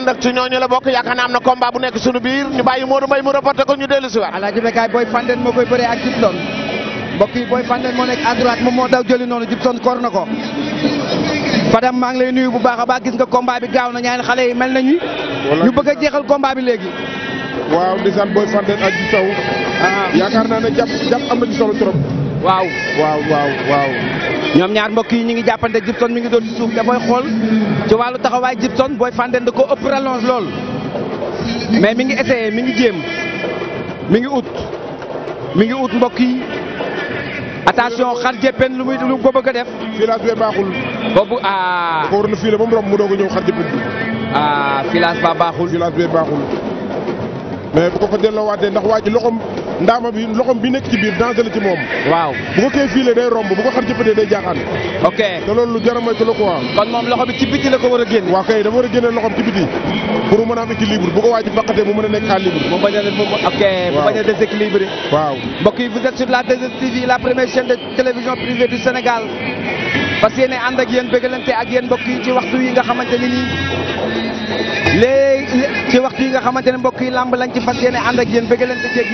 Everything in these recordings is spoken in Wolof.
Kane nag ci ñooñu la bokk yaakaar naa am na combat bu nekk suñu biir ñu bàyyi Modou Mbaye mu reporté ko ñu dellu si waat. alaaji Bekaay Boy Fandène moo koy bëree ak Gibson mbokk yi Boy Fandène moo nekk à droite moom moo daw jëli noonu Gibson kor na ko. Fadam maa ngi lay nuyu bu baax a baax gis nga combat gaaw na ñaari xale yi mel nañu. ñu bëgg a jeexal combat léegi. waaw di Boy Fandène ak Gibson. Ah. yaakaar naa ne jàpp jàpp am na trop. waaw waaw waaw. ñoom ñaar mbokk yi ñu ngi jàppande Gibson mi ngi doon ci suuf te booy xool ci wàllu taxawaay Gibson booy Fandène da ko ëpp rallonge lool mais mi ngi essayé mi ngi jéem mi ngi ut mi ngi ut mbokk yi attention xar jéppeen lu muy lu a def. filage bee baaxul. boobu ah. ba mu romb mu doog ñëw xar jéppeen bi. ah ba baaxul. filage bee baaxul mais bu ko fa delloowaatee ndax waa ji ndaama bi loxom bi nekk ci biir danger la ci moom. waaw bu ko kee fiile day romb bu ko xar jëppatee day jaaxaan. ok te loolu lu jar kon moom loxo bi ci biti la ko war a génne. waaw kay dafa war a génne loxom ci biti pour mu mën am équilibre bu ko waaj a fàqatee mu mën a nekk à libre. mu bañ a mu waaw mbokk yi vous la 2STV la première de télévision privée du Sénégal. parce que yéen ànd ak yéen bëggalante ak yéen mbokk ci waxtu yi nga xamante ne mbokk yi làmb lañ ci fas yéene ànd ak yéen bëgg leen ci ceeg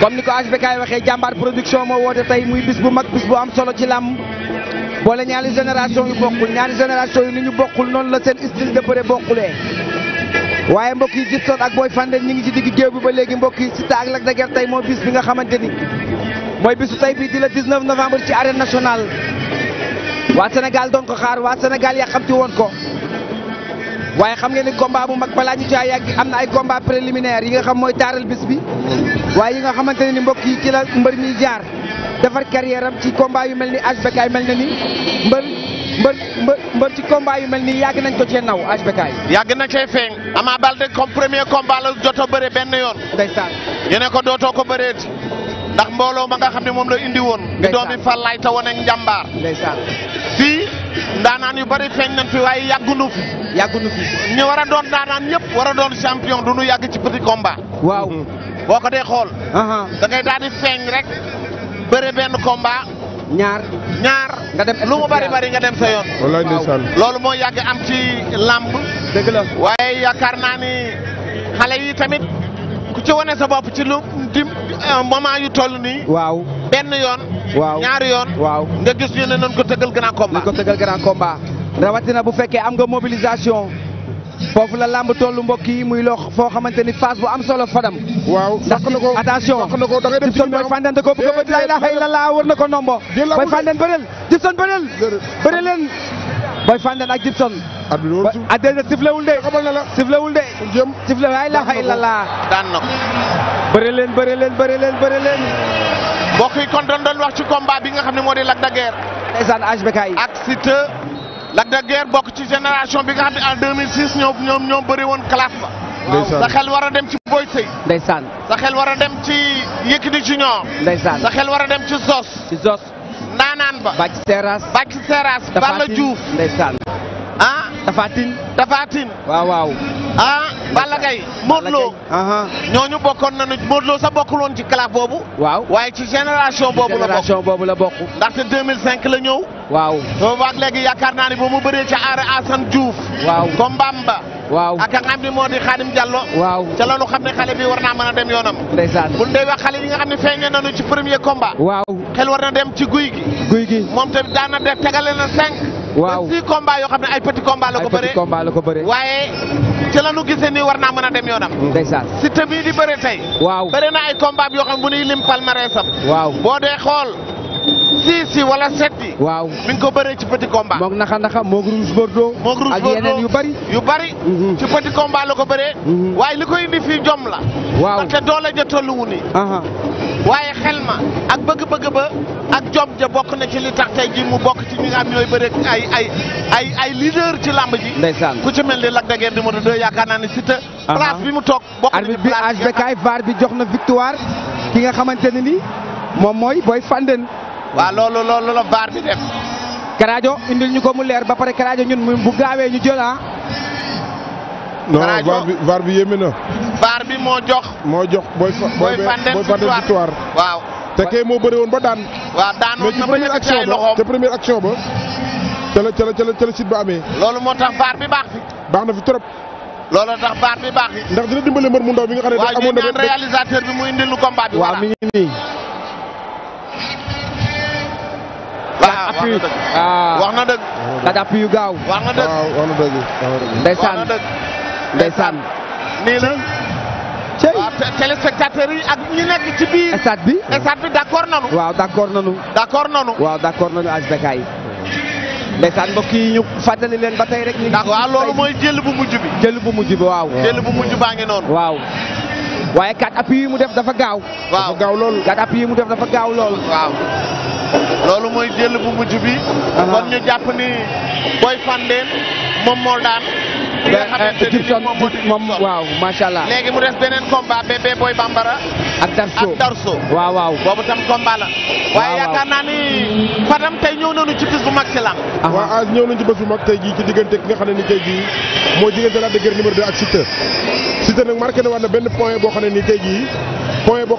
comme ni ko HBK waxee jàmbaar production moo woote tey muy bis bu mag bis bu am solo ci làmb boole ñaari génération yu bokkul ñaari génération yi ni ñu bokkul noonu la seen style de bëre waaye mbokk yi Djibson ak Boy Fandène ñi ngi ci digg géew bi ba léegi mbokk yi Siteu ak Lac de Guiers moo bis bi nga xamante ni mooy bisu tey bii di le 19 novembre ci arène nationale waa Sénégal doon xaar waa Sénégal yàqamti woon ko waaye xam ngeen ni combat bu mag balaa ñu caa yàgg am na ay combat préliminaire yi nga mooy taaral bis bi waaye yi nga xamante ne ni mbokk yi ci la jaar defar carrière am ci combat yu mel ni HBK yu mel ne ni mbër mbër mbër mbër ci combat yu mel nii yàgg nañ ko cee naw HBK yi. yàgg na cee feeñ Ama Baldé comme premier combat la jot a bëre benn yoon. ndeysaan ko dootoo ko bëreet ndax mbooloo ma nga xam ne moom la indi woon. ndeysaan di doomi Fallaay te wane njàmbaar. ndeysaan fii. daanaan yu bari feeñ nañ fi waaye yàggunu fi. ñu war a doon daanaan ñëpp war a doon champion du ñu yàgg ci petit komba waaw mhm. boo ko dee xool. dangay ngay daal feeñ rek bëre benn combat. ñaar ñaar. nga dem lu mu bari bari nga dem sa yoon. wallaay ndeysaan loolu moo yàgg am ci làmb. dëgg waaye yaakaar naa ni xale yi tamit. ku ci wane sa bopp ci lu di moment yu toll nii. waaw benn yoon. waaw ñaari yoon. waaw nga gis ñu ne nañ ko tëggal grand combat. nañ ko bu fekkee am nga mobilisation. foofu la làmb tollu mbokk yi muy loo foo xamante ni phase bu am solo fadam. waaw ndax attention Djibson fanden da koo bëgg a bëgg laa ilaaha illa llaah war na ko nombo. booy fanden bëreel Djibson bëreel. bëreel Boy Fandene ak Gibson. at ah, déedéet siflewul de. siflewul de. sifle laa ilaaha illallah. daan na ko. bëri leen bëri leen bëri leen bëri leen. mbokk yi kon doon doon ci combat bi nga xam ne moo di Lac de Guiers. ndeysaan HBK yi. ak Siteu. Lac de Guiers bokk ci génération bi nga xam ne en 2006 ñoom ñoom ñoom bëri woon classe ba. sa xel war a dem ci Boy Sey. ndeysaan sa xel war a dem ci Yékini Junior. ndeysaan sa xel war a dem ci Zos. ci Zos. Samba. Bac Seras. Bac Seras. Balla Diouf ndeysaan. ah. Tafatine. Tafatine. waaw waaw. ah Balla Gaye. Modou Lo uh-huh. ñooñu bokkoon nañu Modou Lo sa bokkul woon ci classe boobu. waaw waaye ci génération boobu la bokk génération boobu la bokk. ndaxte 2005 la ñëw. waaw. boobu ak léegi yaakaar naa ne ba mu bëree ca aar Assane Diouf. waaw kombaam ba. waaw ak nga xam ne moo di Khadim Diallo. waaw ca loolu xam ne xale bi war naa a dem yoonam. bu dee wax xale yi nga xam ne feeñee nañu ci premier combat. xel war na dem ci guy gi. guy gi moom tamit daan na def tegale na cinq. waaw ba six yoo xam ne ay petit combat la ko bëree ko bëree. waaye ci la nu gisee nii war naa mën a dem yoonam. ndeysaan si tamit di bëre tey. waaw bëri na ay combat yoo xam bu ñuy lim palmarèsam. waaw boo dee xool. six yi wala sept waaw mi ko bëree ci petit combat. moog naxa naxa moog rouge bordeaux. moog rouge bordeaux ak yeneen yu bari. yu bari. Mhm. ci petit combat la ko bëree. Mhm. waaye li ko indi fii jom la. waaw parce que doole ja tolluwu nii. waaye xel ma ak bëgg-bëgg ba ak jom ja bokk na ci li tax tey ji mu bokk ci ñi am ñooy bëre ay ay ay ay ci làmb ji. ndeysaan ku ci mel ni Lac de Guiers numéro 2 yaakaar naa ne Siteu. place bi mu toog bokk na ci place bi HBK VAR bi jox na victoire ki nga xamante ne ni moom mooy Boy Fanden. waaw loolu loolu la VAR bi def. Karajo indil ñu ko mu leer ba pare Karajo ñun bu gaawee ñu jël ah. non var bi bi yéeme na. var moo jox. moo jox booy. booy Fandène victoire waaw. te kee moo bëri woon ba daan. waaw daanoon na ba yëkkati loxoom te première action ba te la te la te la ba amee. loolu moo tax var bi baax fi. baax na fi trop. looloo tax baar bi baax yi. ndax dina dimbale mbër mu ndaw bi nga xam ne dafa amoon na. réalisateur bi mu indil lu combat bi. voilà waaw mi nii. Ah. waaw wax na dëgg. wax na dëgg. yu gaaw. ndeysaan nii la waaw téléspectateurs yi ak ñi nekk ci biir stade bi stade bi d'accord nanu waaw d'accord nanu d'accord nanu waaw d'accord nanu HBK yi ndeysaan mbokk yi ñu fàttali leen ba tey rek ñu ngi waaw loolu mooy jël bu mujj bi jël bu mujj bi waaw jël bu mujj baa ngi noonu waaw waaye quatre appuis mu def dafa gaaw waaw gaaw loolu quatre appuis mu def dafa gaaw loolu waaw loolu mooy jël bu mujj bi kon ñu jàpp ni Boy Fandène moom moo daan Gibson moom waaw macha allah. léegi mu des beneen combat bébé boy bambara. ak Darso ak Darso. waaw waaw boobu tam combat la. waaye yaakaar naa ni Fadam tey ñëw nañu ci bis bu mag ci lam waaw ah, ñëw nañu ci bés bu mag tey jii ci diggante ki nga xam ne ni tey jii mooy diggante Lac de Guiers numéro 2 ak Siteu. Siteu nag marqué na war na benn point boo xam ne ni tey jii point boo xam ne